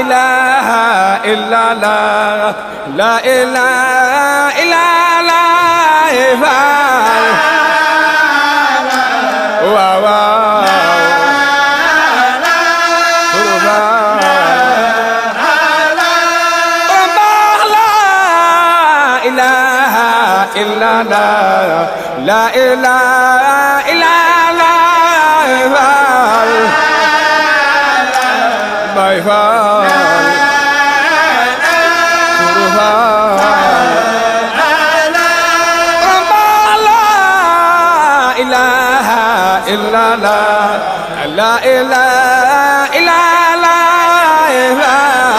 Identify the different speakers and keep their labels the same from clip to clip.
Speaker 1: إله إلا لا لا إله إلا لا إله إلا لا لا إله إلا لا My father إله إلا لا إله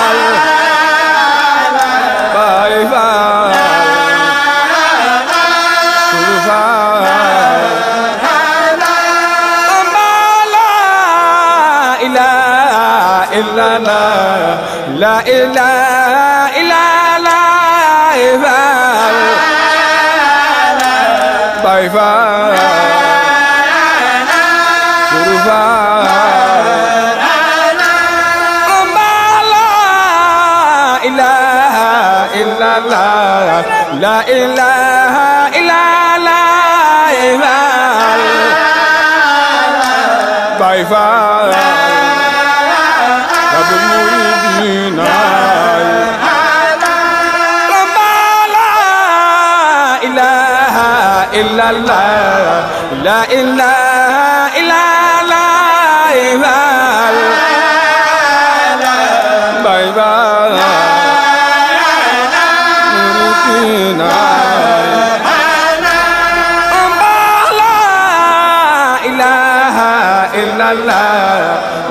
Speaker 1: إلا لا لا إله إلا لا إله طيفان لا إله إلا لا إله باي فاي رب المريدين لا إله إلا الله لا إله إلا الله باي باي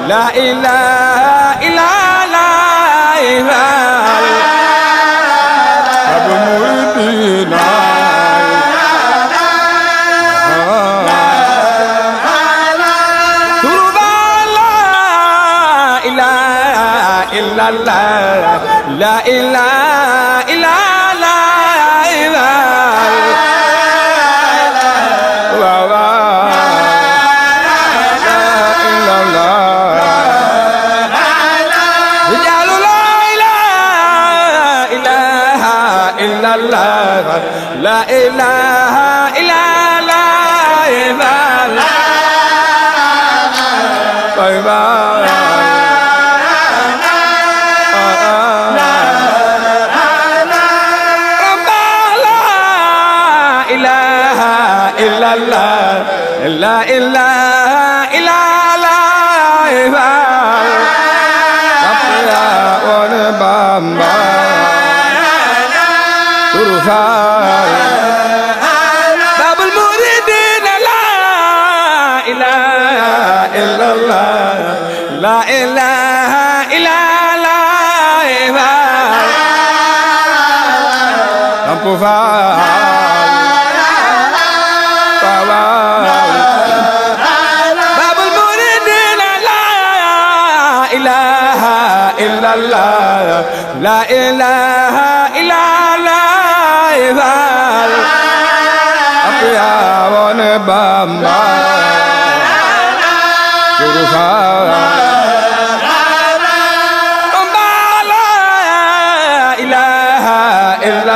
Speaker 1: لا إله إلا لا إله أبو مهدي لا لا إله إلا الله لا إله لا إله إلا لا إله لا إله إلا الله إلا إلا ابو فاضل باب المريدين لا اله الا الله لا اله الا الله يا ون بابا شرفا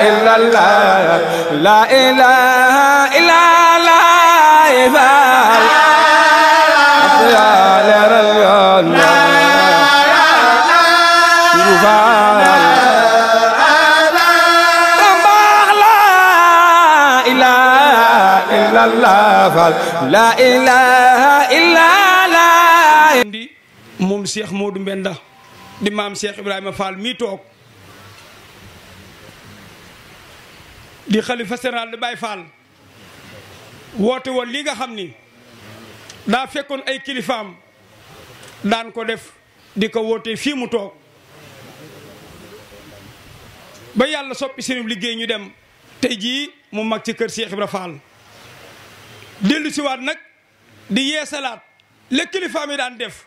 Speaker 1: إلا الله لا إله إلا الله لا إله إلا الله. لا اله دي موم شيخ مود
Speaker 2: مبندا دي مام شيخ إبراهيم فال مي توك di xalifa général di Baye Fall woote woon lii nga xam ni daa fekkoon ay kilifaam daan ko def di ko woote fii mu toog ba yàlla soppi seen liggéey ñu dem te jii mu mag ci kër Cheikh Ibra Fall dellu siwaat nag di yeesalaat le kilifaam yi daan def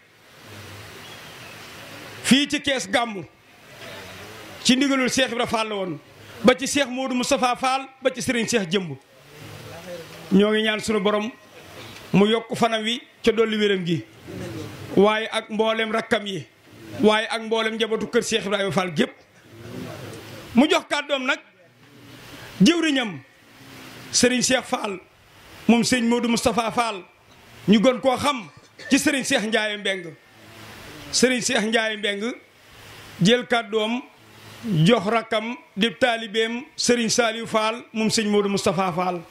Speaker 2: fii ci kees gàmmu ci ndigalul Cheikh Ibra Fall la woon ba ci Cheikh Modou Moustapha Fall ba ci Serigne Cheikh jëmb ñoo ngi ñaan sunu borom mu yokk fanam wi ca dolli wéram gi waaye ak mboolem rakkam yi waaye ak mboolem njabootu kër seex Ibrahima Fall gépp mu jox kàddoom nag jëwriñam Serigne Cheikh Fall moom Serigne Modou Moustapha Fall ñu gën koo xam ci Serigne Cheikh Ndiaye Mbeng sëriñ Cheikh Ndiaye Mbeng jël kàddoom. jox rakkam di taalibeem Serigne Saliou Fall moom sëñ Modou Moustapha Fall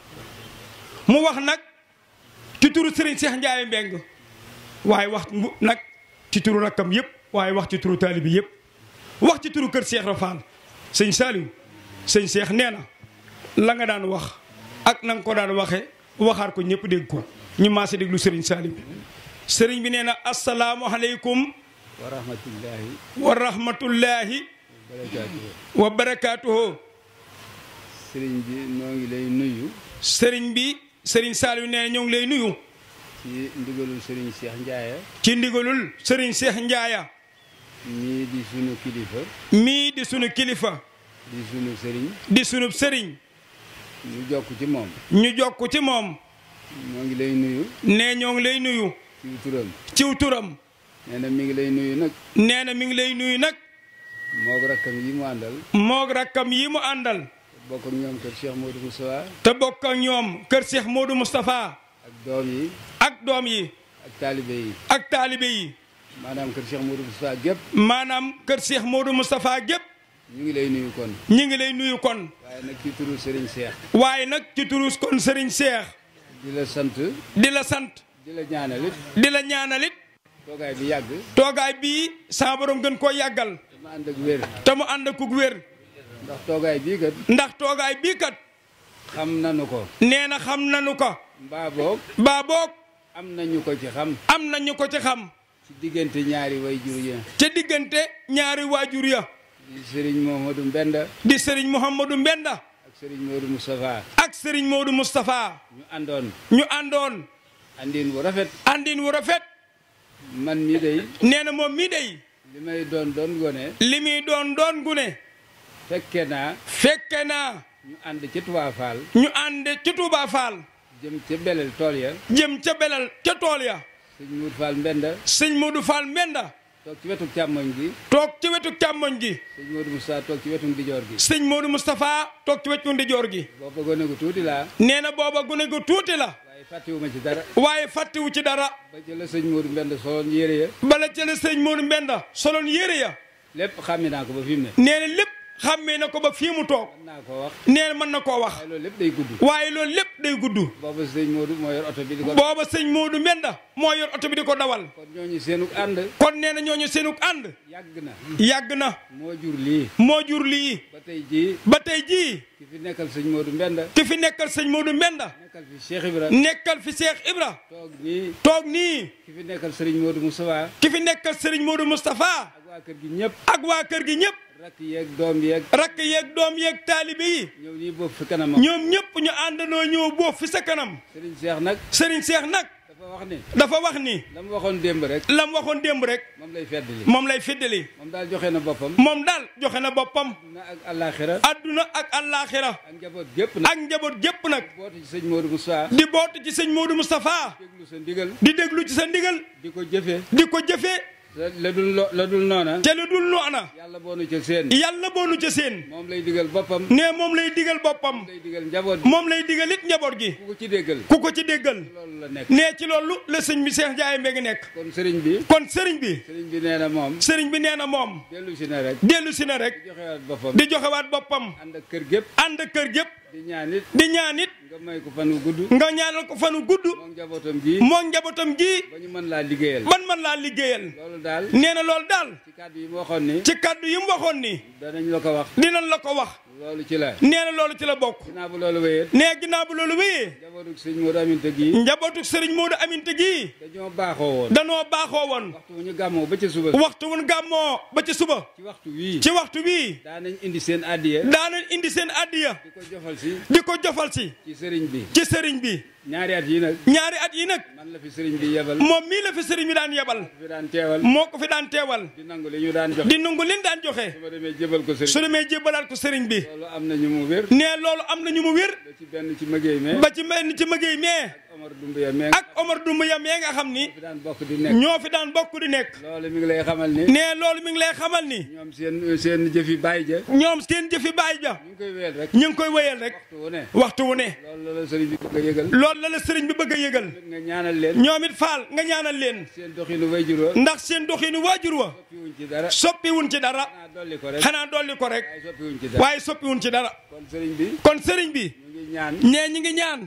Speaker 2: mu wax nag ci turu Serigne Cheikh Ndiaye Mbeng waaye wax nag ci turu rakkam yëpp waaye wax ci turu taalibe yëpp wax ci turu kër Cheikh Ibra Fall sëñ Saliou sëñ Cheikh nee la nga daan wax ak nang ko daan waxe waxaar ko ñëpp dégg ko ñu maase déglu Serigne Saliou sëriñ bi nee na asalaamualeykum. wa wa barakaatuhu sëriñ bi ñoo ngi lay nuyu. sëriñ bi sëriñ Saliou nee ñoo ngi lay nuyu. ci ndigalul sëriñ Cheikh Ndiaye. ci ndigalul sëriñ seex Ndiaye. mii di sunu kilifa. mii di sunu kilifa. di sunu sëriñ. di sunu sëriñ. ñu jokk ci moom. ñu jokk ci moom. ñoo ngi lay nuyu. nee ñoo ngi lay nuyu. ciw turam. ciw turam. nee na mi ngi lay nuyu nag. nee mi ngi lay nuyu nag.
Speaker 3: moog rakkam yi mu àndal.
Speaker 2: moog rakkam yi mu àndal.
Speaker 3: bokk ak ñoom kër Cheikh Modou Moustapha.
Speaker 2: te bokk ak ñoom kër Cheikh Modou Moustapha. ak doom yi. ak doom yi. ak yi. ak taalibe maanaam kër Cheikh Modou Moustapha gépp. maanaam kër Cheikh Modou Moustapha gépp. ñu ngi lay nuyu kon. ñu ngi lay nuyu kon.
Speaker 3: waaye nag ci turu Serigne Cheikh.
Speaker 2: waaye nag ci turu kon Serigne Cheikh. di la sant. di la sant. di la ñaanalit. di la ñaanalit. toogaay bi yàgg. toogaay bi saa borom gën koo yàggal. ma ànd ak wér.
Speaker 3: ndax toogaay bii
Speaker 2: ndax toogaay bii kat. xam nanu ko. nee na xam nanu ko. mbaa boog. mbaa boog. am nañu ko ci xam. am nañu ko ci xam. ci diggante ñaari waajur ya. ca diggante ñaari waajur ya. di Serigne Mohamadou Mbenda. di Serigne Mohamadou Mbenda. ak Serigne Modou Moustapha. ak Serigne moodu Moustapha. ñu àndoon. ñu àndoon. andiin wu rafet. andiin wu rafet. man mii neena nee moom mii day.
Speaker 3: li doon doon gone. li muy doon doon gune. fekke naa. fekke naa. ñu ànd ci Touba Fall. ñu ànd ci Touba Fall. jëm ca belel tool ya.
Speaker 2: jëm ca belel ca tool ya. sëñ Moudou Fall Mbenda. sëñ Moudou Fall Mbenda. toog ci wetu càmmoñ gi. toog ci wetu càmmoñ gi. sëñ Modou Moustapha toog ci wetu ndijoor gi. sëñ Modou Moustapha toog ci wetu ndijoor gi. booba gone gu tuuti la nee na booba gune gu tuuti la. fàttiwuma ci dara. waaye fàttiwu ci dara. ba jëlee sëñ Modou Mbenda soloon yére ya. bala jëlee sëñ Modou Mbenda soloon yére ya. lépp xàmmi naa ko ba fi mu ne. nee lépp xàmmee na ko ba fii mu toog. nee mën na koo wax. waaye loolu lépp day gudd. waaye loolu lépp
Speaker 3: day gudd. booba sëñ Modou moo yor oto bi di ko. booba
Speaker 2: sëñ Modou Mbenda moo yor oto bi di ko dawal. kon ñooñu seenug ànd. kon nee na ñooñu seenuk
Speaker 3: ànd. yàgg na. yàgg na. moo jur lii.
Speaker 2: moo jur lii. ba tey jii. ba tey jii. ki fi nekkal sëñ Modou Mbenda. ki fi nekkal sëñ Modou Mbenda. nekkal fi Cheikh Ibra. nekkal fi Cheikh
Speaker 3: Ibra. toog nii. ki fi nekkal sëriñ Modou Moustapha. ki fi nekkal
Speaker 2: sëriñ Modou Moustapha. ak waa kër gi ñëpp. ak waa kër gi ñëpp. rakk yeeg doom yeeg. rakk yeeg doom yeeg taalibe yi. ñoom ñuy boof fi kanam. ñoom ñëpp ñu àndandoo ñëw boof fi sa kanam. Serigne Cheikh nag. Serigne Cheikh nag. dafa wax ni. dafa wax ni. la mu waxoon démb rek. la mu waxoon démb rek.
Speaker 3: moom lay feddali.
Speaker 2: moom lay feddali. moom
Speaker 3: daal joxe na boppam.
Speaker 2: moom daal joxe na boppam. adduna ak àllaaxira. adduna ak ak njaboot gépp nag. ak njaboot gépp nag. di bootu ci sëñ Modou Moustapha.
Speaker 3: di boot ci sëñ Modou Moustapha. di déglu sa ndigal. di déglu ci sa ndigal. di ko jëfee. di ko jëfee. la dul loo la dul noona. te la dul noona. yàlla boo boonu ca seen. yàlla boonu ca seen. moom lay digal boppam. nee
Speaker 2: moom lay digal boppam. moom lay digal njaboot gi moom lay digal it njaboot gi. ku ko ci déggal. ku ko ci déggal.
Speaker 3: loolu la nekk nee
Speaker 2: ci loolu la sëñ bi Cheikh Ndiaye ngi nekk. kon sëriñ bi. kon sëriñ bi. sëriñ bi nee na moom. sëriñ bi nee na moom. dellu si na rek. dellu si na rek. di boppam. di joxewaat boppam. ànd ak kër gépp. ànd ak kër gépp. di ñaanit di ñaanit it nga may ko fanu gudd nga ñaanal ko fanu gudd moom njabootam ji moom njabootam ji ba ñu mën laa liggéeyal ban man laa liggéeyal
Speaker 3: loolu daal nee na lool daal ci kàddu
Speaker 2: yi mu waxoon ni ci kàddu yi mu waxoon ni danañ la ko wax dinañ la ko wax loolu ci la nee na loolu ci la bokk ginnaaw bu loolu wéyee nee ginnaaw bu loolu wéyee njabootuk sëriñ Moodu Aminta gii njabootuk sëriñ Moodu Aminta gii
Speaker 3: dañoo baaxoo woon
Speaker 2: dañoo baaxoo woon waxtu wu ñu gàmmoo ba ca suba waxtu wu gàmmoo ba ci suba waxtu wii ci waxtu wii
Speaker 3: daanañ indi seen addiya daanañ indi seen addiya di ko jofal si
Speaker 2: di ko jofal si sëriñ bi ci sëriñ bi ñaari at yi ñaari at yi nag. man la fi sëriñ bi yebal. moom mii la fi sëriñ mi daan yebal. moo ko fi daan teewal. moo ko fi daan teewal.
Speaker 3: di nangu li ñu daan joxe. di nangu
Speaker 2: li ñu daan joxe. ko sëriñ bi su demee jébalaat ko sëriñ bi. loolu am na ñu mu wér. nee loolu am na ñu mu wér. ba ci benn ci mëgëy mee. ba ci benn ci mëgëy mee. ak Omar Dumbuya mee nga xam ni. ñoo fi daan bokk di nekk. loolu mi ni. loolu mi ngi lay xamal ni. ñoom
Speaker 3: seen jëfi baay ja.
Speaker 2: ñoom seen jëfi baay ja. ñu ngi koy wéyal rek. ñu ngi koy wéyal rek. waxtu wu ne. waxtu
Speaker 3: la la sëriñ bi bëgg a yëgal.
Speaker 2: loolu la la sëriñ bi bëgg a yëgal.
Speaker 3: nga ñaanal leen. ñoom it faal nga ñaanal leen. seen doxinu waajur wa. ndax
Speaker 2: seen doxinu waajur wa. soppiwuñ ci dara.
Speaker 3: xanaa dolli ko rek. waaye
Speaker 2: soppiwuñ ci dara. kon sëriñ bi.
Speaker 3: nee ñi ngi ñaan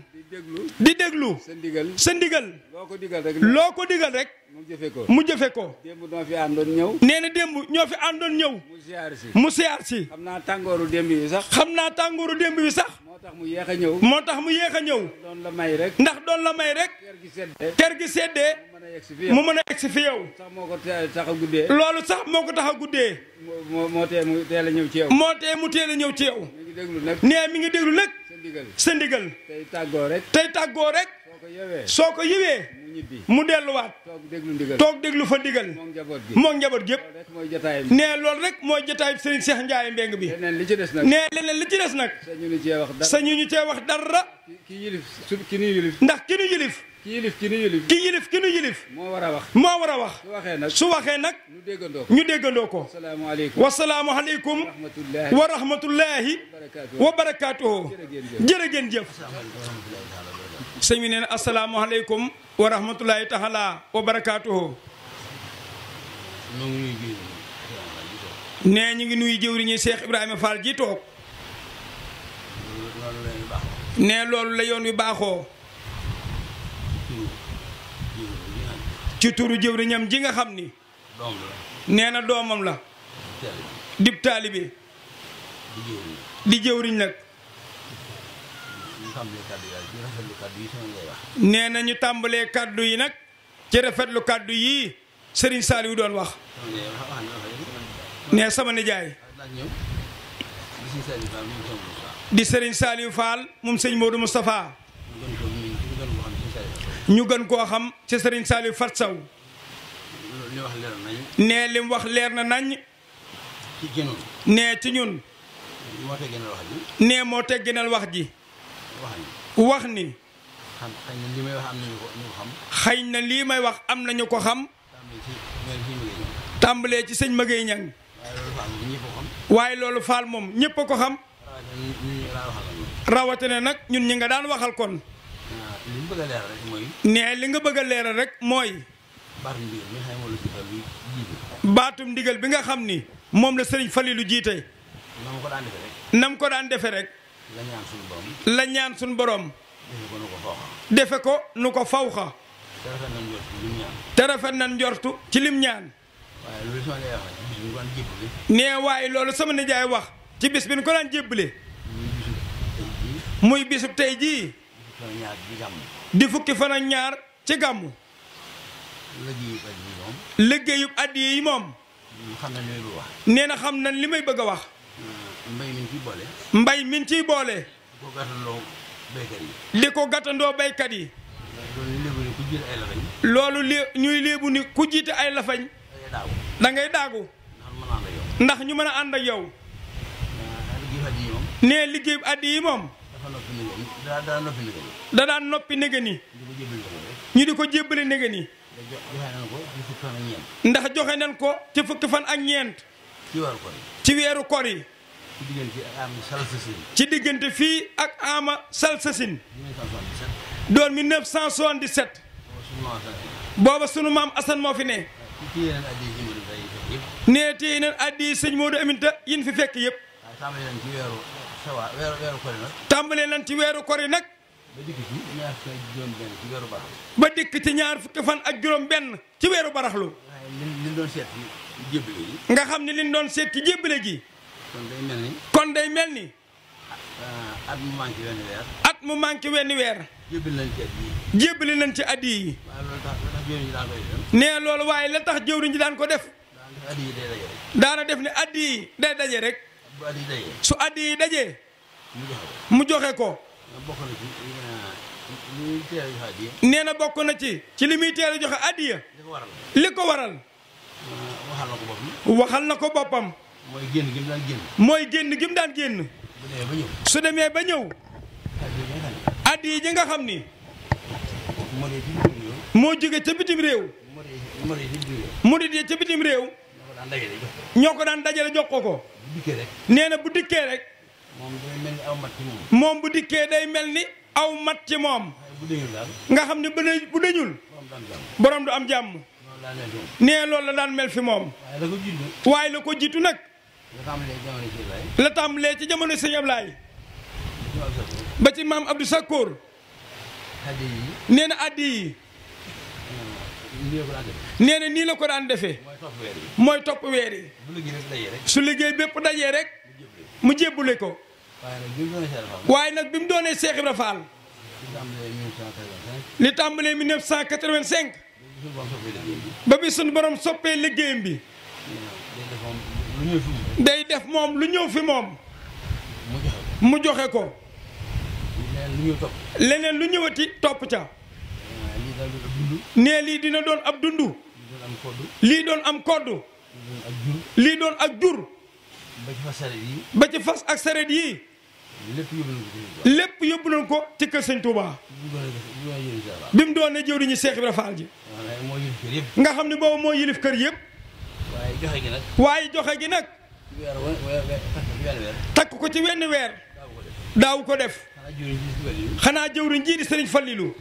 Speaker 3: di
Speaker 2: déglu sa ndigal sa
Speaker 3: ndigal loo ko digal rek loo ko digal rek mu jëfe ko mu jëfe ko démb
Speaker 2: ñoo fi àndoon ñëw nee na démb ñoo fi àndoon ñëw
Speaker 3: mu siyaar si mu siyaar
Speaker 2: si xam naa tàngooru démb bi sax xam naa tàngooru démb bi sax moo tax mu yéex a ñëw moo tax mu yéex a ñëw la may rek ndax doon la may rek kër gi seddee kër gi seddee mu mën a yegg si fi yow
Speaker 3: moo ko tax a guddee loolu
Speaker 2: sax moo ko tax a guddee moo te mu teel a ñëw ci yow moo tee mu teel a ñëw ci yow nee mi ngi déglu nag sa ndigal tey tàggoo rek tey tàggoo rek soo ko yëwee mu delluwaat toog déglu fa ndigal moom njaboot gi
Speaker 3: yëpp nee
Speaker 2: lool rek mooy jotaay Serigne Cheikh Ndiaye Mbeng bi nee leneen li ci des nag sañu ñu ñu cee wax dara
Speaker 3: ndax
Speaker 2: ki nu yilif ki yilif ki nu yilif moo war a wax moo war a wax. su waxee nag su waxee nag.
Speaker 3: ñu déggandoo ko ñu
Speaker 2: déggandoo ko.
Speaker 3: salaamualeykum wasalaamualeykum. wa rahmatullahi wa
Speaker 2: barakaatuhu. jërë ngeen jëf. sëñ bi nee na asalaamualeykum. wa wa barakaatuhu. nee ñu ngi nuyu jëwriñu Cheikh Ibrahima Fall ji toog. nee loolu la yoon wi baaxoo. ci turu jëwriñam ji nga xam ni nee na doomam la dib taalibe di jëwriñ nag nee na ñu tàmbalee kàddu yi nag ci rafetlu kàddu yii Serigne Saliou doon wax nee sama nijaay di Serigne Saliou Fall moom sëñ Modou Moustapha ñu gën koo xam ci Serigne Saliou Fat Saw nee li mu wax leer na nañ nee ci ñun nee moo tegginal wax ji wax ni xëy na lii may wax am nañu ko xam tàmbalee ci sëñ Maguette Niang waaye loolu faal moom ñépp a ko xam rawatina nag ñun ñi nga daan waxal kon nee li nga bëgg a leeral rek mooy. baatum ndigal bi nga xam ni moom la sëriñ lu jiite. nam ko daan defe rek.
Speaker 3: la ñaan suñu borom.
Speaker 2: la ñaan suñu borom. defe ko nu ko fawxa. te rafet na njortu ci lim ñaan. nee waaye loolu sama nijaay wax ci bis bi nu ko daan jébbale. muy bisub tey jii. ñaar ci di fukki fan ñaar ci gàmmu. liggéeyub addiya yi moom. nee na xam na li may bëgg a wax.
Speaker 3: mbay mi ciy boole.
Speaker 2: mbay mi ciy boole. di ko gàttandoo baykat yi. di loolu li ñuy léebu ni ku jiite ay lafañ. da daagu. ndax ñu mën a ànd ak yow. nee liggéeyub addiya yi moom. da daan noppi nege ni ñu di ko jébbale nege ni ndax joxe nañ ko ci fukki fan ak ñeent ci weeru kor yi ci diggante fii ak Ama Salsasin doon 1977 booba sunu maam Assane moo fi ne nee téye addi sëñ Modou Aminta yin fi fekk yëpp tàmbalee nañ ci weeru kor yi nag. ba dikk ci ñaar fukki fan ak juróom-benn ci weeru baraxlu. nga xam ne liñ doon seet ci jébbale ji. kon day mel ni. kon day mel ni. Ah, at mu manqué wenn weer. at mu manqué wenn weer. jébbali nañ ci at yii. jébbali nañ ci at nee loolu waaye la tax jëwriñ ji daan ko def. daana def ni at yii day daje rek. su adi dajé mu joxé ko néna bokku ya. na ci ci li muy teel a joxe addiya waral waxal nako bopam moy genn gi mu daan génn mooy gi su démé ba ñew adi ji nga xamni mo moo ci bitim réew mo di ca bitim réew ñoo ko daan dajale jox ko ko. nee na bu dikkee rek. moom bu dikkee day mel ni aw mat ci moom. nga xam ne bu dee bu deñul borom du am jàmm. nee loolu la daan mel fi moom. waaye la ko jiitu nag. la tàmbalee ci jamono Sëñ Ablaay ba ci maam Abdou Sakkoor. nee na yi. nee nii la ko daan defee. mooy topp weer su liggéey bépp dajee rek. mu jébbule ko. waaye nag bi mu doonee Seex Ibra Faal. li tàmbalee 1985. ba bi suñu borom soppee liggéeyam bi. day def moom lu ñëw fi moom. mu joxe ko. leneen lu ñëwati topp ca. nee lii dina doon ab dundu. lii doon am koddu. lii doon ak jur. ba ci fas ak sareet yi lépp yóbbu nañ ko ci kër sëñ Touba. bi mu doon ne jëw diñu Seex Ibra ji. nga xam ne boobu moo yilif kër yëpp. waaye joxe gi waaye joxe gi nag. takk ko ci wenn weer. daaw ko def. xanaa jëwriñ jiite sëriñ Fallilou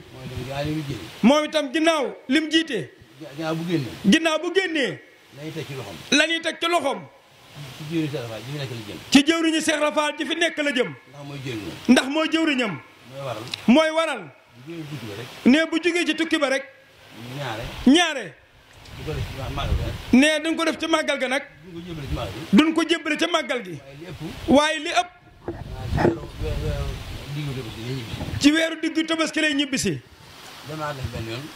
Speaker 2: moom itam ginnaaw lim jiite. ginnaaw bu génnee. ginnaaw bu génnee. la ñuy teg ci loxoom. la
Speaker 3: ñuy teg ci loxoom.
Speaker 2: ci jëwriñu Cheikh Rafaal ji fi nekk la jëm. ndax mooy jëwriñam. mooy waral. ne bu jógee ci tukki ba rek. ñaare. ne dañ ko def ci màggal ga nag. duñ ko jébbale ci màggal gi. waaye li ëpp. ci wéru diggu kira lay ñibbisi.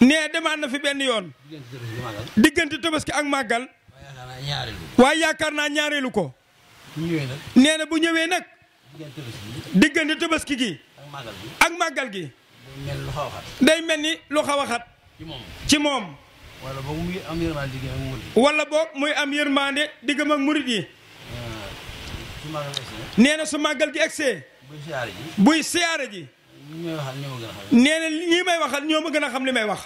Speaker 2: né dama na fi benn yoon. digënté tabaski ak màggal. waaye yaakaar naa ñaareelu ko. né na bu ñëwé nak digënté tabaski gi. ak magal gi. day melni lu xaw xat. ci mom wala bok muy am yërmande digëm ak wala muy am buy siyaare ji. nee na ñi may waxal ñoo ma gën a xam li may wax.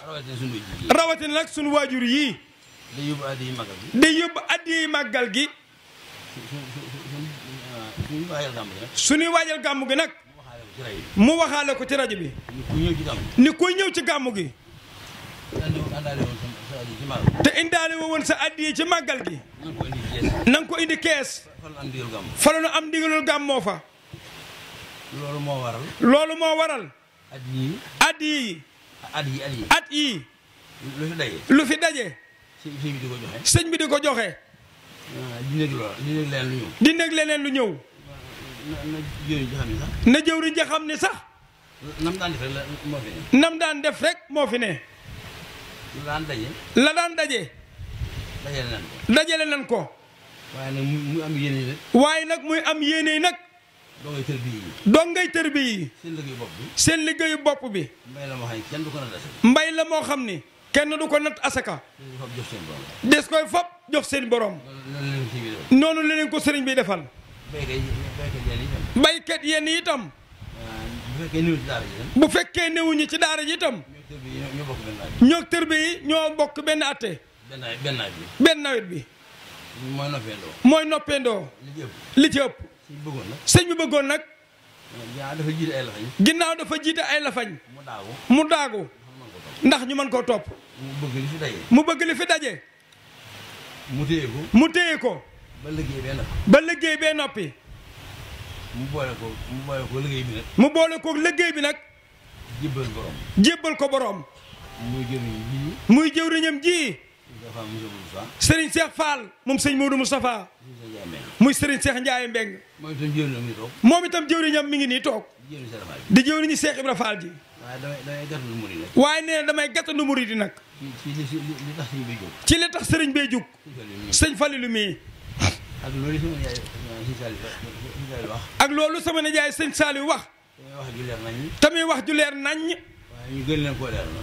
Speaker 2: rawatina nag sunu waajur yii.
Speaker 3: day yóbbu addi yi màggal gi.
Speaker 2: day yi màggal gi. suñuy waajal gàmmu gi nag. mu waxaale ko ci rajo bi. ni kuy ñëw ci gàmmu gi. te indaale woo woon sa addi ci màggal gi. na ko indi kees. fa la am ndigalul gàmm fa.
Speaker 3: loolu moo waral.
Speaker 2: loolu moo waral. at yii. at yii. at yii at lu fi daje. lu sëñ bi di ko joxe. sëñ bi di ko joxe. Ah, di nekk leneen lu ñëw. di nekk leneen lu ñëw. na jëwriñ ja xam ne sax. nam daan def rek moo fi ne. daan def la daan daje.
Speaker 3: la daan daje.
Speaker 2: dajale nan ko. dajale nan ko. waaye nag muy am yéene nag.
Speaker 3: dongay tërbiye yi.
Speaker 2: dongay tërbiye yi.
Speaker 3: seen liggéeyu bopp bi.
Speaker 2: seen liggéeyu bopp mbay la moo xam ne kenn du ko nat asaka. mbay
Speaker 3: la moo xam
Speaker 2: des koy fab jox seen borom. noonu la leen ko sëriñ bi defal. baykat yenn itam. bu fekkee newuñu ci daara ji itam. ñoo tërbiye yi ñoo bokk benn atte.
Speaker 3: benn nawet bi. benn nawet bi. mooy noppeendoo.
Speaker 2: mooy noppeendoo. li ci ëpp. sëñ bi bëggoon nag. ginnaaw dafa jiite ay lafañ. mu daagu ndax ñu man koo topp. mu bëgg li fi daje. mu téye ko mu téye ko.
Speaker 3: ba liggéey bee noppi.
Speaker 2: ba liggéey bee noppi.
Speaker 3: mu boole ko mu bi nag.
Speaker 2: mu boole ko liggéey bi nag.
Speaker 3: jébbal
Speaker 2: ko borom. ko borom. muy jëwriñam ji. muy Serigne Cheikh Fall moom sëñ Modou Moustapha muy Serigne Cheikh Ndiaye Mbeng moom itam jëwriñam mi ngi nii toog di jëwriñu Cheikh Ibra Fall ji waaye nee na damay gàttandu murid yi nag ci li tax Serigne bay jóg sëñ Falilu mii ak loolu sama nijaay sëñ Saliou wax tamit wax ju leer naññ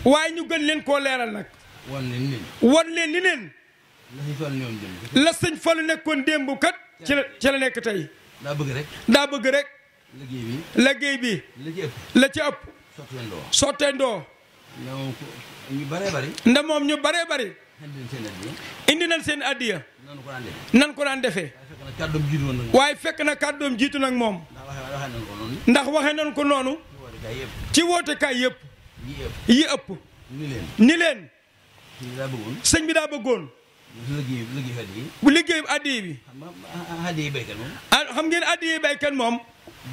Speaker 2: waaye ñu gën leen koo leeral nag wan leen ni leen. wan leen ni leen. la sëñ Fallu nekkoon démb kat. ci la nekk tey. daa bëgg rek. daa bëgg rek. liggéey bi. liggéey la ci ëpp. la ci ëpp. sotteendoo. sotteendoo. ñu baree bari. nda moom ñu baree bari. indi nañ seen addiya. nan ko daan defee. waaye fekk na kàddoom jiitu nag moom. ndax waxee nañ ko noonu. ci woote kaay yëpp. yi ëpp. ni leen. sëñ bi daa bëggoon. bu liggéeyu addiya bi. xam ngeen addiya baykat moom.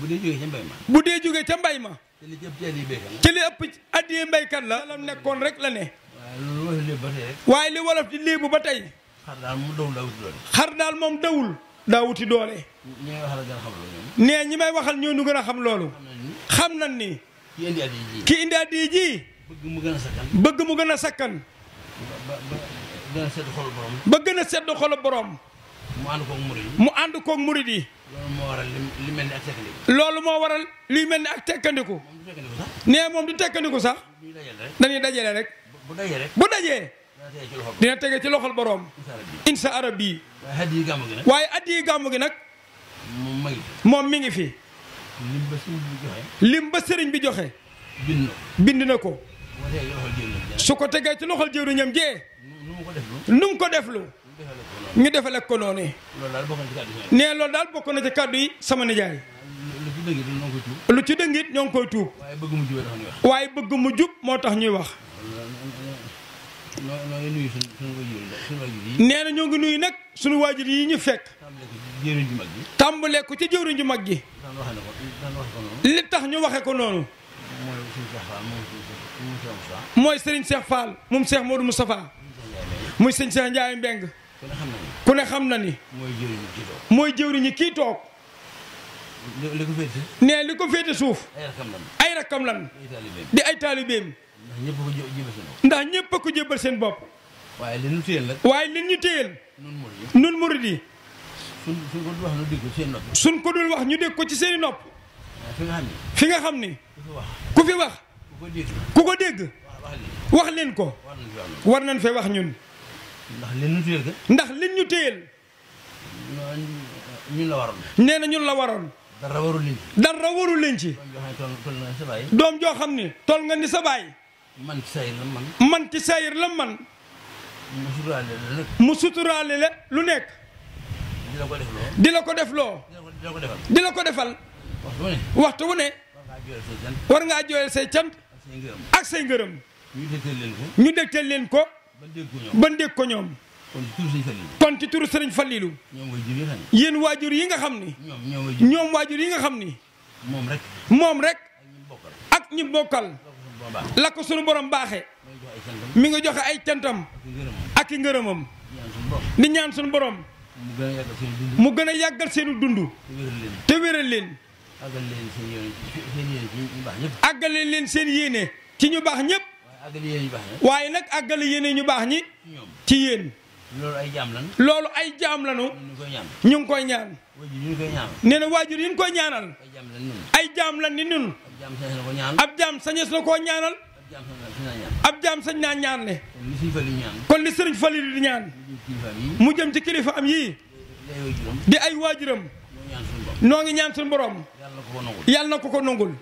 Speaker 2: bu dee jógee ca mbay ma. bu dee jógee ca mbay ma. ci li ëpp addiya baykat la. la nekkoon rek la ne. waaye li wolof di léebu ba tey. xar daal moom dawul daawuti doole.
Speaker 3: xar daal moom
Speaker 2: doole. nee ñi may waxal ñoo ñu gën a xam loolu. xam nañ ni. ki indi addiya ji. bëgg mu gën a sakkan.
Speaker 3: ba gën a sedd xolu borom.
Speaker 2: ba gën a sedd xolu borom.
Speaker 3: mu ànd koog murid
Speaker 2: mu ànd koog murid yi. loolu moo waral li mel ni ak tekkandiku. loolu moo waral lii mel ni ak tekkandiku. nee moom du tekkandiku sax. dañuy dajale rek. bu dajee rek bu dajee. dina tege ci loxol borom. insa arab yi. waaye at yi gàmmu gi nag. moom mi ngi fi. lim ba sëriñ bi joxe. bind na ko. su ko tegee ci loxol ñam jee nu mu ko def lu ñu defale ko noonu nee loolu daal bokk na ci kàddu yi sama nijaay lu ci dëngit ñoo ngi koy tuub waaye bëgg mu jub moo tax ñuy wax nee na ñoo ngi nuyu nag suñu waajur yi ñu fekk tàmbalee ko ci jëwriñ ju mag gi li tax ñu waxe ko noonu mooy Serigne seex Fall moom Cheikh Modou Moustapha muy sëñ Cheikh Ndiaye Mbeng ku ne xam na ni mooy jëwriñu kii toog ne li ko féete suuf ay rakkam lan di ay taalibeem ndax ñëpp a ko jébbal seen bopp
Speaker 1: waaye li ñu téyel
Speaker 2: waaye li ñu téyel nun murid yi suñ ko dul wax ñu dégg ko ci seen i nopp fi nga xam ni ku fi wax
Speaker 3: kuko ko wax ko
Speaker 2: war nañ fe wax ñun ndax len ñu téyel ndax lawaron, ñu téyel ñun la waroon nee tol nga ni sa baay man ci sayir la man
Speaker 3: man ci
Speaker 2: la man lu di la ko def di ko defal waxtu ne war ak say ngërëm.
Speaker 3: ñu dégtal leen ko.
Speaker 2: ñu dégtal leen ko. ba dégg ko ñoom. kon ci turu Sëriñ Fallilu. yéen waajur yi nga xam ni. ñoom waajur yi nga xam ni. moom rek. moom rek. ak ñi bokkal. la ko sunu borom baaxee. mi nga joxe ay cantam. ak i ngërëmam. di ñaan sunu borom. mu gën a yàggal seenu dund. te wéral leen. àggal leen seen yéene ci ñu baax ñëpp. àggale leen seen yéene ci ñu baax ñëpp. waaye nag àggale yéene ñu baax ñi. ci yéen.
Speaker 3: loolu ay jaam lañu.
Speaker 2: loolu ay jaam lañu. ñu ngi koy ñaan. nee na waajur yi ñu koy ñaanal. ay jaam lañ ni ñun. ab jaam sañees na koo ñaanal. ab jaam sañ naa ñaan le. kon li sëriñ Falil di ñaan. mu jëm ci kilifa am yii. di ay waajuram. noo ngi ñaan borom yalla na ko ko nangul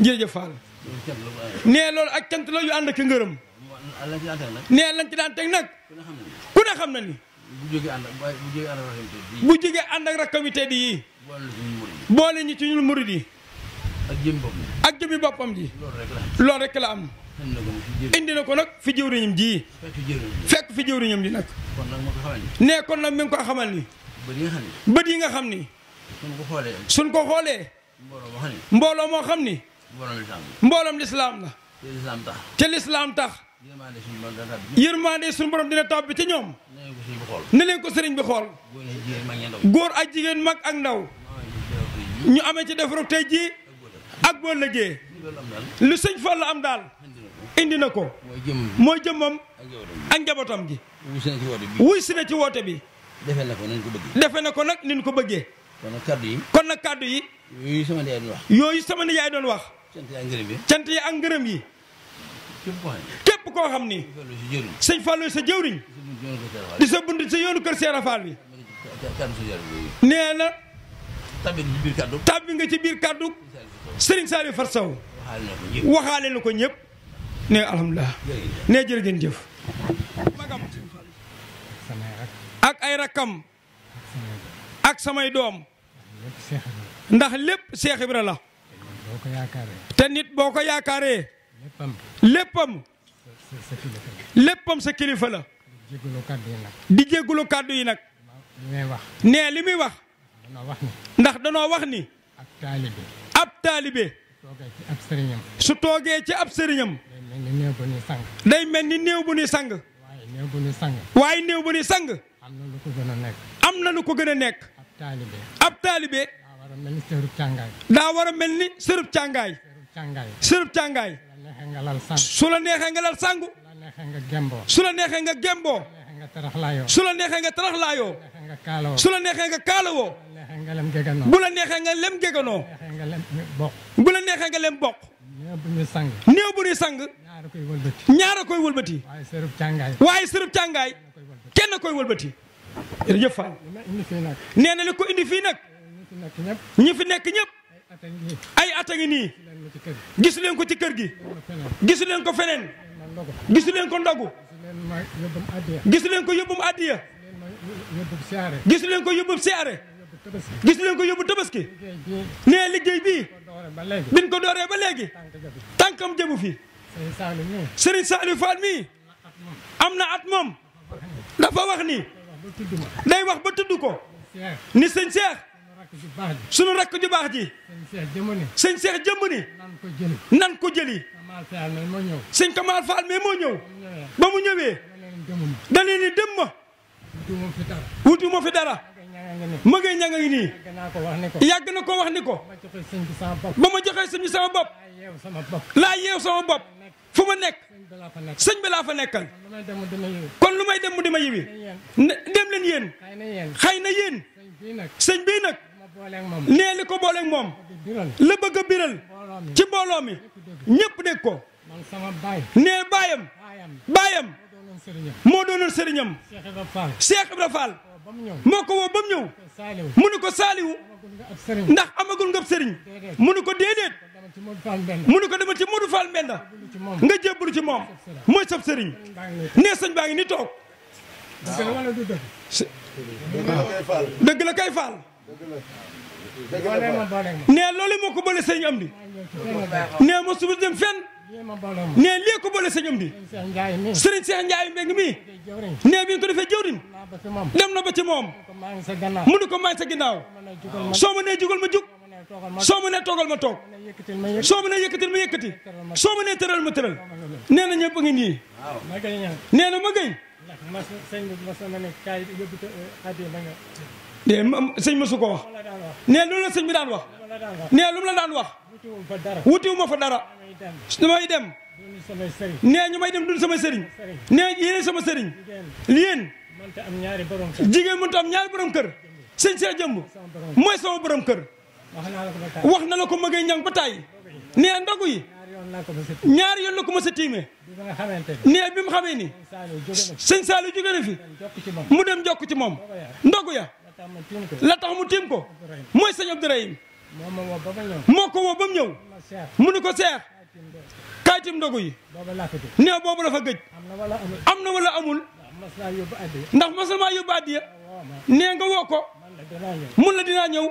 Speaker 2: jërëjëf Fall ne lol ak tant la yu and ak ngërëm ne lan ci daan teg nag ku na xam na ni
Speaker 3: bu joge and ak rakam te di
Speaker 2: bo le ñu ci ñun murid yi ak jëmi bopam di lol rek la am indi nako nak fi jeewriñum ji fekk fi jëwriñam ji nag ne kon nak mi ngi ko xamal ni ba di nga xamni suñ ko xoolee. mbooloo moo xam ni. mbooloom lislaam la. te lislaam tax. yërmaande suñu borom dina bi ci ñoom. ne leen ko sëriñ bi xool. góor ak jigéen mag ak ndaw. ñu amee ci defaru tey jii. ak boo lëggee. lu sëñ Fall am daal. indi na ko. mooy jëmmam. ak njabootam gi. wuy si na ci woote bi.
Speaker 3: defe na ko ko bëggee.
Speaker 2: defe na ko nag ni ko bëggee. kon nag kàddu yi yooyu sama nijaay doon wax yooyu sama nijaay doon wax cant yi ak Sejauh yi cant yi ak ngërëm ni sa jëwriñ di sa bunt sa yoonu kër Seera Fall bi nee na tàbbi nga ci biir kàddu Serigne Saliou Far Sow waxaale ko ñëpp ne ne ak ay ak samay doom ndax lépp Cheikh Ibra la te nit boo ko yaakaaree léppam léppam sa kilifa la di jéggulu kàddu yi nag nee li muy wax ndax danoo wax ni ab taalibe su toogee ci ab sëriñam day mel ni néew bu ñuy sang waaye néew bu ñuy sang am na lu ko gën a nekk ab taalibe daa war
Speaker 1: a mel ni sërub càngaay
Speaker 2: daa war a mel ni sërub càngaay sërub càngaay su la neexee nga lal sangu su la neexee nga gemboo su la neexee nga tarax laayoo su la neexee nga kaalawoo bu la neexee nga lem geganoo bu la neexee nga lem bokk
Speaker 1: néew bu ñuy sang
Speaker 2: néew bu ñuy sang ñaara koy wëlbati ñaara koy wëlbati waaye sërub càngaay kenn koy wëlbati jërëjëf Fall nee na li ko indi fii nag ñi fi nekk ñëpp ay at a ngi nii gisu leen ko ci kër gi gisu leen ko feneen gisu leen ko ndogu gisu leen ko yóbbum addiya gisu leen ko yóbbum siyaare gis leen ko yóbbu tabaski nee liggéey bii biñ ko dooree ba léegi tànkam jëmu fi Serigne Saliou Fall mii am na at moom dafa wax ni day wax ba tudd ko. ni sëñ Cheikh. sunu rakk ju baax ji. sëñ Cheikh jëmm
Speaker 1: ni.
Speaker 2: nan ko jëli. sëñ Kamal Fall mais moo ñëw. ba mu ñëwee. da leen ni dem ma. wutu ma fi dara. ma ngay ñanga ngi nii. yàgg na ko wax ni ko. ba ma joxee sëñ bi sama bopp. laa yeew sama bopp. fu ma nekk. sëñ bi laa fa nekkal kon lu may dem mu di ma yiwi dem leen yéen xëy na yéen sëñ bii nag nee li ko booleeg moom la a biral ci mbooloo mi ñépp dégg ko nee baayam baayam moo doonoon sëriñam Cheikh Ibra Fall moo ko woo ba mu ñëw mu ni ko saaliwu ndax amagul nga sëriñ mu ni ko déedéet mu ni ko demal ci Modou Fall Mbenda nga jébbalu ci moom mooy sab sëriñ nee sëñ baa ngi ni toog dëgg la kay faal nee loolu moo ko bële sëriñ am di nee ma suba dem fenn nee lii ko boole di sëriñ Cheikh Ndiaye Mbengue mii nee bi ñu ko dem na ba ci moom mu ne ko maa
Speaker 1: nee jugal ma jug soo
Speaker 2: nee toogal ma toog soo nee yëkkatil ma yëkkati soo nee tëral ma tëral nee na ñëpp a nee na ma de sëñ ma su wax nee loolu la sëñ daan wax nee lu daan wax wutiwuma fa dara su may dem nee ñu may dem dun sama sëriñ nee yéen sama sëriñ yéen jigéen mënta am ñaari borom kër sëñ see jëmm mooy sama borom kër wax na la ko ma ngay ñang ba tàyyi nee ndogu yi
Speaker 1: ñaari yoon la ko mos a tiimee nee bi mu xamee
Speaker 2: ni sëñ Saalu jóge na fi mu dem jokk ci moom ndogu ya la tax mu tiim ko mooy sa Abdourahim
Speaker 3: moo
Speaker 2: ko woo ba mu ñëw mu ni ko seex kayitim ndogu yi nee boobu la fa gëj am na wala amul ndax masalmaa yóbbu addiya nee nga woo ko mun la dinaa ñëw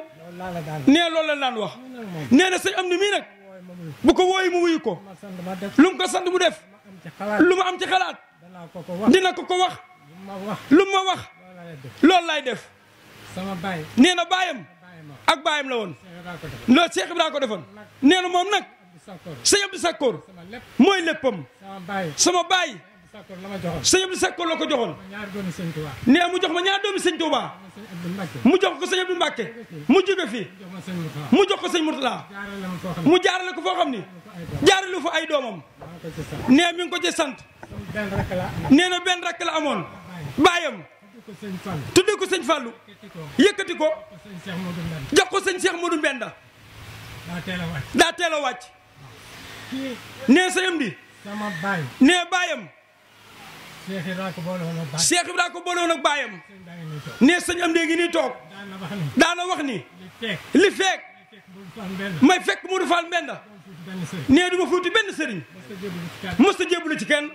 Speaker 2: nee loolu la daan wax nee na sëñ am na mii nag bu ko wooyi mu wuyu ko lu mu ko sant mu def lu ma am ci xalaat dina ko ko wax lu ma wax lool laay def nee na baayam ak baayam la woon loolu Cheikh Ibra ko defoon nee na moom nag sëñ Abdou Sakkoor mooy léppam sama baay sëñ Abdou Sakkoor la ko joxoon nee mu jox ma ñaar doomi sëñ Touba
Speaker 1: mu jox ko sëñ Abdou Mbàkke mu jóge fii mu jox ko sëñ Murtala mu
Speaker 2: jaarale ko foo xam ni jaarale fa ay doomam nee mi ngi ko ci sant nee na benn rakk la amoon baayam tuddee ko sëñ Fallou yëkkati ko jox ko sëñ Cheikh Modou Mbenda daa teel a wàcc nee sëñam di nee baayam Cheikh ko boole woon ak baayam nee sëñ am dee ngi nii toog daana wax ni li may fekk Modou Fall Mbenda nee du ma fuuti benn sëriñ mos a ci kenn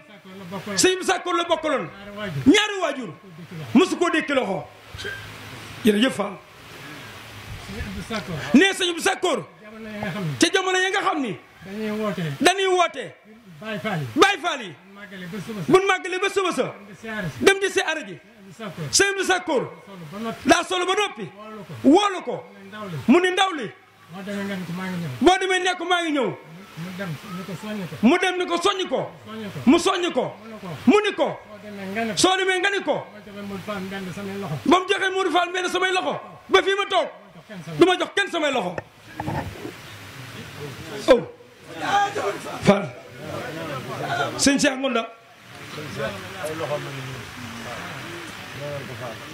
Speaker 2: sëñ bi sàkkoor la bokkaloon ñaari waajur mosu koo dékki loxo jërëjëf Fall nee sëñ bi sàkkoor ca jamono ya nga xam ni dañuy woote dañuy woote Baay Faal yi buñ màggalee ba suba sa dem di siyaare ji sëñ bi sàkkoor daa solo ba noppi
Speaker 1: woolu ko
Speaker 2: mu ni ndaw li boo demee nekk maa ngi ñëw
Speaker 1: mu dem ni ko soññ ko. mu dem ni ko soññ ko. mu soññ
Speaker 2: ko. mu ni ko. soo demee nga ko. ba mu joxee Modou Fall mbenn samay loxo. ba fii ma toog du ma jox kenn samay loxo. oh. Fall. sëñ Cheikh Ngounda.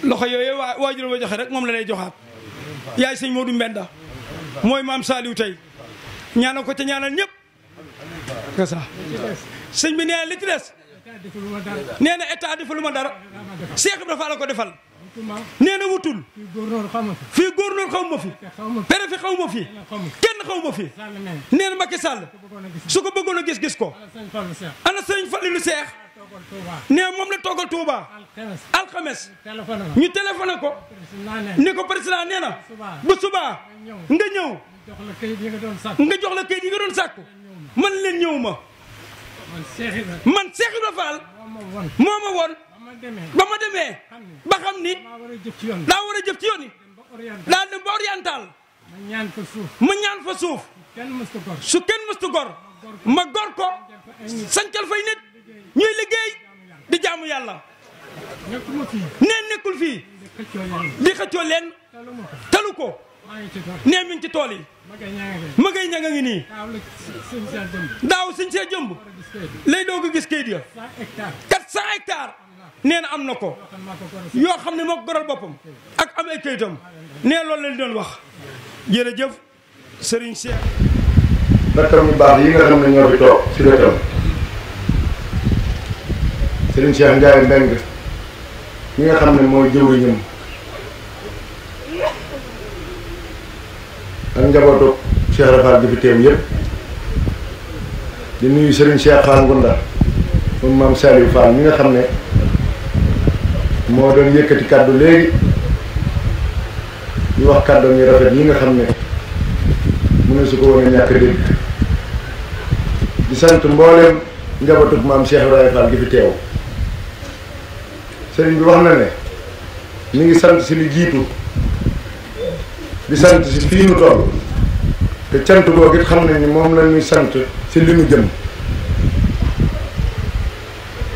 Speaker 2: loxo yooyu waa waajur ba joxe rek moom la lay joxaat. yaay sëñ Modou Mbenda. mooy maam Saliou tey. ñaana ko ca ñaanal ñëpp nga bi nee na li ci des nee na état defalu ma dara Cheikh Ibrahima Fall la ko defal nee na wutul fii góor góornóor xaw ma fi préfet xaw ma fi kenn xaw ma fi nee na Macky sàll su ko bëggoon a gis-gis ko ana sëñ Fallilu Cheikh nee moom la toogal Touba
Speaker 1: alxames ñu téléphoné
Speaker 2: ko ni ko président nee na bu subaa nga
Speaker 1: ñëw jox la nga doon sàkku nga
Speaker 2: jox la kayit yi nga doon sàkku man leen ñëw ma
Speaker 1: man Cheikh Ibra
Speaker 2: man Cheikh Ibra Fall
Speaker 1: moo ma won ba ma demee
Speaker 2: ba xam ni daa war a jëf ci yoon yi daa dem ba oriental ma ñaan fa suuf ma ñaan fa suuf su kenn mëstu gor ma gor ko sancal fay nit ñuy liggéey di jaamu yàlla nee nekkul fii di xëccoo len talu ko nee mi ci tool yi ma ngay ñanga ngi ni daaw señ ci jëmb lay doog a gis kayit ya 400 hectare neena amna ko yo xamne ne goral bopam ak am ay kayitam nee loolu lañ doon wax jërëjëf sëriñ Cheikh
Speaker 4: rakkam yu baax yi nga xamne ñoo fi tok ci wetam sëriñ Cheikh Ndiaye mbeng ki nga xam ne mooy jëwriñam ak njabootu Cheikh Rafaal gi fi teew yëpp di nuyu Serigne Cheikh Fall Ngunda moom maam Saliou Fall mi nga xam ne moo doon yëkkati kàddu léegi ñu wax kàddu ñu rafet yi nga xam ne mu ne su ko woon ñàkk dégg di sant mbooleem njabootu maam Cheikh Rafaal gi fi teew sëriñ bi wax na ne mi ngi sant si lu jiitu di sant si fii nu toll te cant googu it xam nañu moom la ñuy sant si li nu jëm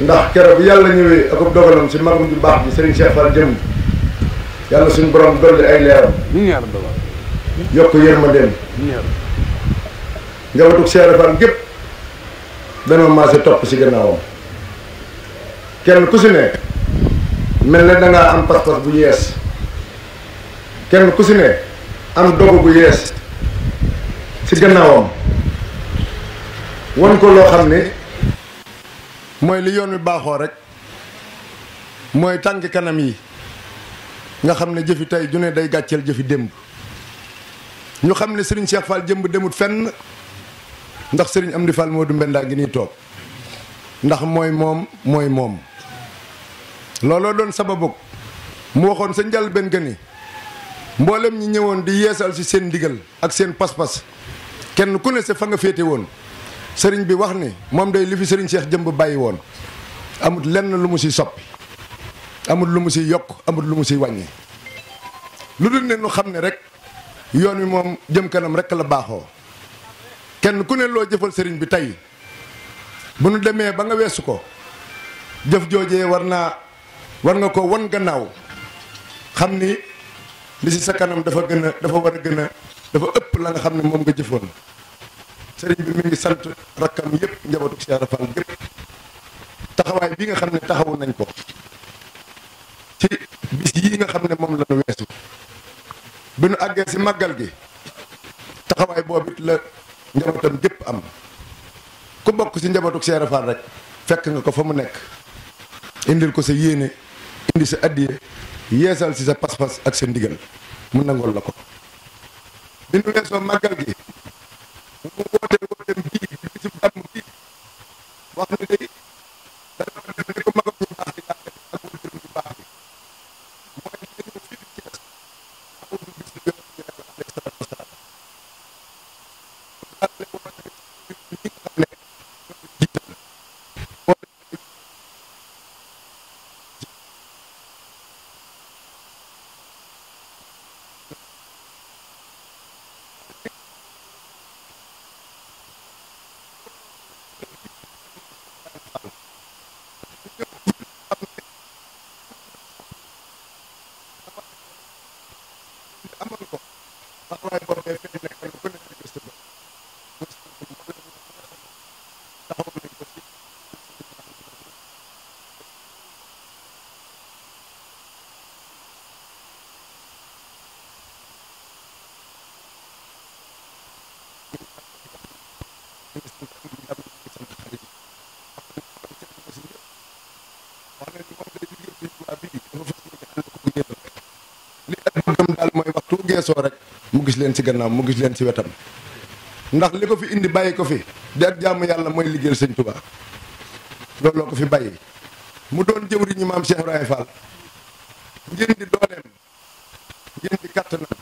Speaker 4: ndax bi yàlla ñëwee akub dogalam si magum ju baax bi sëriñ Cheikh Fall jëm yàlla suñu borom dolli ay leeram yokk yërmandeem njabootu Cheikh Fall gépp danoo maase topp si gannaawam kenn ku si ne mel ne da ngaa am pas bu yees kenn ku si ne am dogu bu yees si gannaawam wan ko loo xam ne mooy li yoon wi baaxoo rek mooy tànk kanam yi nga xam ne jëfi tey ju ne day gàcceel jëfi démb ñu xam ne Serigne Cheikh Fall jëmb demut fenn ndax sëriñ am Amdi Fall moo du mbendaa ngi nii toog ndax mooy moom mooy moom looloo doon sababu mu waxoon sa njal benn gëni mboolem ñi ñëwoon di yeesal si seen ndigal ak seen pas-pas kenn ku ne sa fa nga féete woon sëriñ bi wax ni moom day li fi sëriñ jëm jëmb bàyyi woon amut lenn lu mu ci soppi amut lu mu ci yokk amut lu mu ci wàññi lu dul ne nu xam ne rek yoon wi moom jëm kanam rek la baaxoo kenn ku ne loo jëfal sëriñ bi tey bu nu demee ba nga weesu ko jëf joojee war naa war nga ko wan gannaaw xam ni li si sa kanam dafa gën a dafa war a gën a dafa ëpp la nga xam ne moom nga jëfoon sëriñ bi mi ngi sant rakkam yëpp njabootu Cheikh Ibra Fall yëpp taxawaay bii nga xam ne taxawu nañ ko ci bis yii nga xam ne moom la ñu weesu bi nu àggee si màggal gi taxawaay boobu it la njabootam gépp am ku bokk si njabootu Cheikh Ibra Fall rek fekk nga ko fa mu nekk indil ko sa yéene indi sa addiye yeesal si sa pas ak sa ndigal mu nangool la ko bi nu weesoo màggal gi mu woote wootem bii bi bisub gàmm bii wax ni day dana ko def ni ko magam baax geesoo rek mu gis leen ci gannaaw mu gis leen ci wetam ndax li ko fi indi bàyyi ko fi di at jaamu yàlla mooy liggéeyal sëñ Tuubaa looloo ko fi bàyyi mu doon jëwriñu maam Cheikh Ibrahima Fall ngeen di dooleem ngeen di kàttanam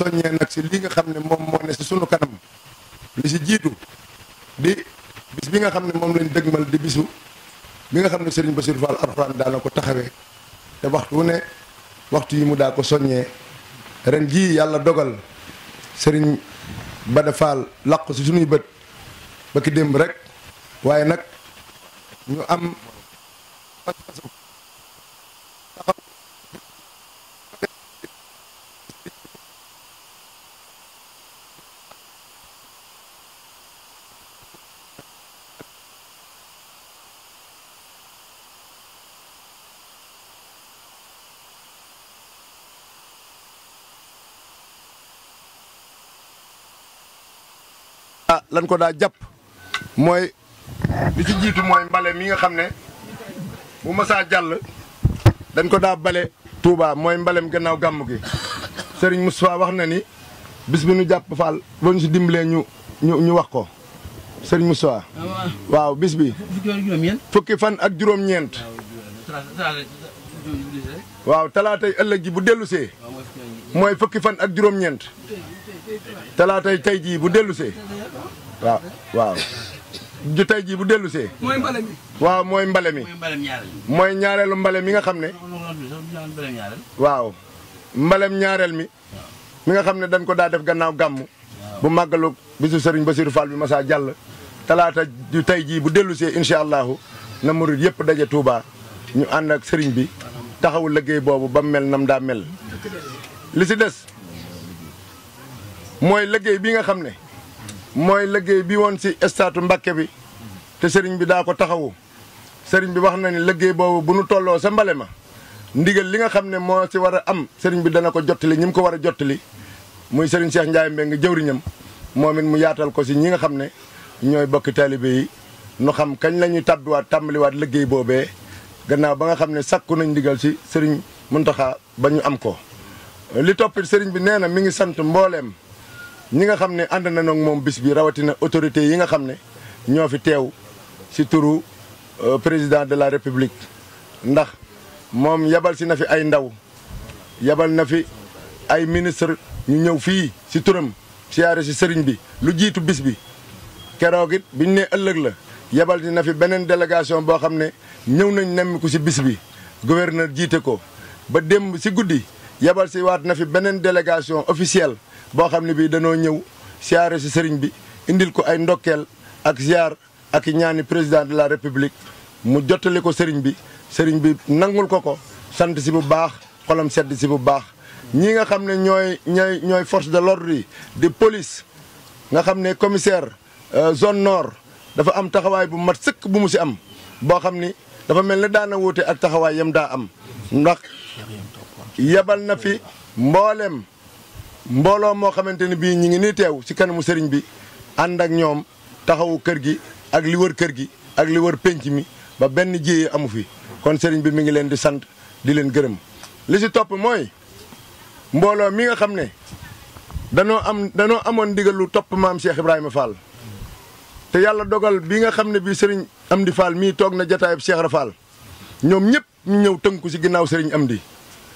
Speaker 4: soññee nag si li nga xam ne moom moo ne si sunu kanam li si jiitu di bis bi nga xam ne moom lañ dëgmal di bisu bi nga xam ne Serigne Bassirou Fall Alxuraan daana ko taxawee te waxtu ne waxtu yi mu daa ko soññee ren jii yàlla dogal sëriñ Bada Fall làq si sunuy bët ba ki démb rek waaye nag ñu am lañ ko daa jàpp mooy li ci jiitu mooy mbale mi nga xam ne bu masaa jàll dañ ko daa bale Touba mooy mbalem gannaaw gàmm gi Serigne Moustapha wax na ni bis bi ñu jàpp faal ba ñu si dimbalee ñu wax ko Serigne Moustapha waaw bis bi fukki fan ak juróom-ñeent waaw talaatay ëllëg ji bu dellusee mooy fukki fan ak juróom-ñeent talaatay tey jii bu dellusee waaw waaw. ju tey jii bu dellusee see. mooy mbale mi. waaw mooy mbale mi. mooy ñaareelu mbale mi nga xam ne. waaw mbalem ñaareel mi. mi nga xam ne dañ ko daa def gannaaw gàmm. bu màggalu bisu sëriñ ba Fall bi ma saa jàll. talaata ju tey jii bu dellu see incha allahu na murid yëpp daje Touba ñu ànd ak sëriñ bi taxawu liggéey boobu ba mel nam daa mel. li si des mooy liggéey bii nga xam ne. mooy liggéey bii woon si estaatu Mbacké bi te sëriñ bi daa ko taxawu sëriñ bi wax na ni liggéey boobu bu nu tolloo sa mbale ma ndigal li nga xam ne moo ci war a am sëriñ bi dana ko jottali ñi mu ko war a jottali muy sëriñ Cheikh Ndiaye nga jëwriñam moom it mu yaatal ko si ñi nga xam ne ñooy bokki taalibe yi nu xam kañ lañuy ñuy tàbbiwaat tàmbaliwaat liggéey boobee gannaaw ba nga xam ne sakku nañ ndigal ci sëriñ Mountakha ba ñu am ko. li toppit sëriñ bi nee na mi ngi sant mbooleem. ñi nga xam ne ànd na nag moom bis bi rawatina autorités yi nga xam ne ñoo fi teew si turu euh, président de la république ndax moom yabal si na fi ay ndaw yabal na fi ay ministre ñu ñëw fii si turam siyaare ci sëriñ bi lu jiitu bis bi keroog it biñ ne ëllëg la yabal si na fi beneen délégation boo xam ne ñëw nañ nemmiku ci bis bi gouverneur jiite ko ba démb si guddi yabal si waat na fi beneen délégation officielle boo xam ne bii danoo ñëw siyaare si sëriñ bi indil ko ay ndokkeel ak ziar ak ñaani président de la république mu jottali ko sëriñ bi sëriñ bi nangul ko ko sant si bu baax xolam sedd si bu baax ñi nga xam ne ñooy ñooy ñooy force de l'ordre yi di police nga xam ne commissaire euh, zone nord dafa am taxawaay bu mat sëkk bu mu si am boo xam ni dafa mel ne daana wuute ak taxawaay yam daa am ndax yebal na fi mbooleem mbooloo moo xamante ni bii ñu ngi nii teew si kanamu sëriñ bi ànd ak ñoom taxawu kër gi ak li wër kër gi ak li wër pénc mi ba benn jiyee amu fi kon sëriñ bi mu ngi leen di sant di leen gërëm li si topp mooy mbooloo mi nga xam ne danoo am danoo amoon ndigalu topp maam Cheikh Ibrahima Fall te yàlla dogal bii nga xam ne bii sëriñ Amdi Fall mii toog na jataayub Cheikh Ibra Fall ñoom ñëpp ñu ñëw tënku si ginnaaw sëriñ am di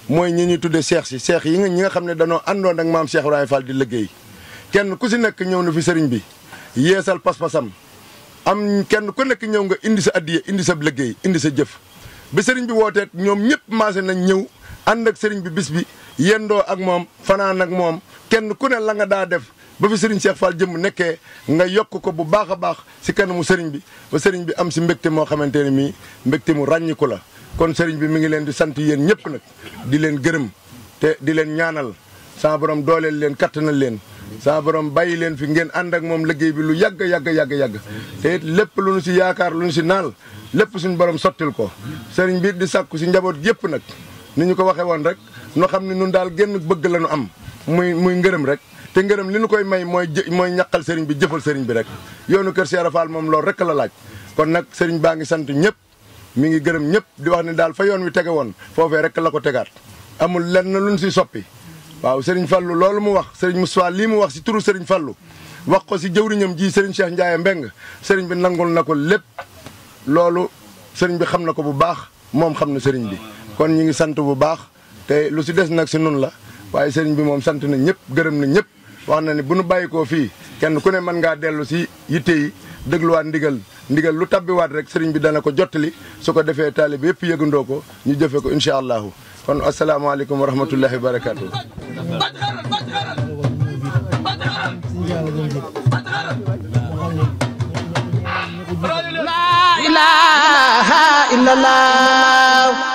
Speaker 4: mooy ñi ñuy tudde seex si seex yi nga ñi nga xam ne danoo àndoon ak maam Cheikh Ibrahima Fall di liggéey kenn ku si nekk ñëw na fi sëriñ bi yeesal pas-pasam am kenn ku nekk ñëw nga indi sa addiya indi sa liggéey indi sa jëf ba sëriñ bi wooteet ñoom ñëpp maase nañ ñëw ànd ak sëriñ bi bis bi yendoo ak moom fanaan ak moom kenn ku ne la nga daa def ba fi sëriñ Cheikh Fall jëmm nekkee nga yokk ko bu baax a baax si kanamu sëriñ bi ba sëriñ bi am si mbégte moo xamante ne mii mbégte mu ràññiku la kon sëriñ bi mu ngi leen di sant yéen ñëpp nag di leen gërëm te di leen ñaanal saa borom dooleel leen na leen saa borom bàyyi leen fi ngeen ànd ak moom liggéey bi lu yàgg yàgg yàgg yàgg te lépp lu nu si yaakaar lu nu si naal lépp suñu borom sottil ko sëriñ bi di sàkku si njaboot yëpp nag ni ñu ko waxee woon rek nu xam ne nun daal génn bëgg la nu am muy muy ngërëm rek te ngërëm li nu koy may mooy mooy ñaqal sëriñ bi jëfal sëriñ bi rek yoonu kër Cheikh Fall moom loolu rek la laaj kon nag sëriñ baa ngi sant ñëpp mi ngi gërëm ñëpp di wax ne daal fa yoon wi tege woon foofee rek la ko tegaat amul lenn luñ si soppi waaw Serigne Fallou loolu mu wax Serigne Moussa lii mu wax si turu Serigne fallu wax ko si jëwriñam ji Serigne Cheikh Ndiaye Mbeng Serigne bi nangul na ko lépp loolu Serigne bi xam na ko bu baax moom xam na Serigne bi kon ñu ngi sant bu baax te lu si des nag si nun la waaye Serigne bi moom sant na ñëpp gërëm na ñëpp wax na ne bu nu bàyyi koo fii kenn ku ne mën ngaa dellu si yitte dégluwaat ndigal ndigal lu tabbiwaat rek sëriñ bi dana ko jottali su ko defee taalib yëpp yëgandoo ko ñu jëfe ko incha allahu kon asalaamaaleykum wa rahmatullahi wa barakaatu.
Speaker 1: laa ilaaha illallah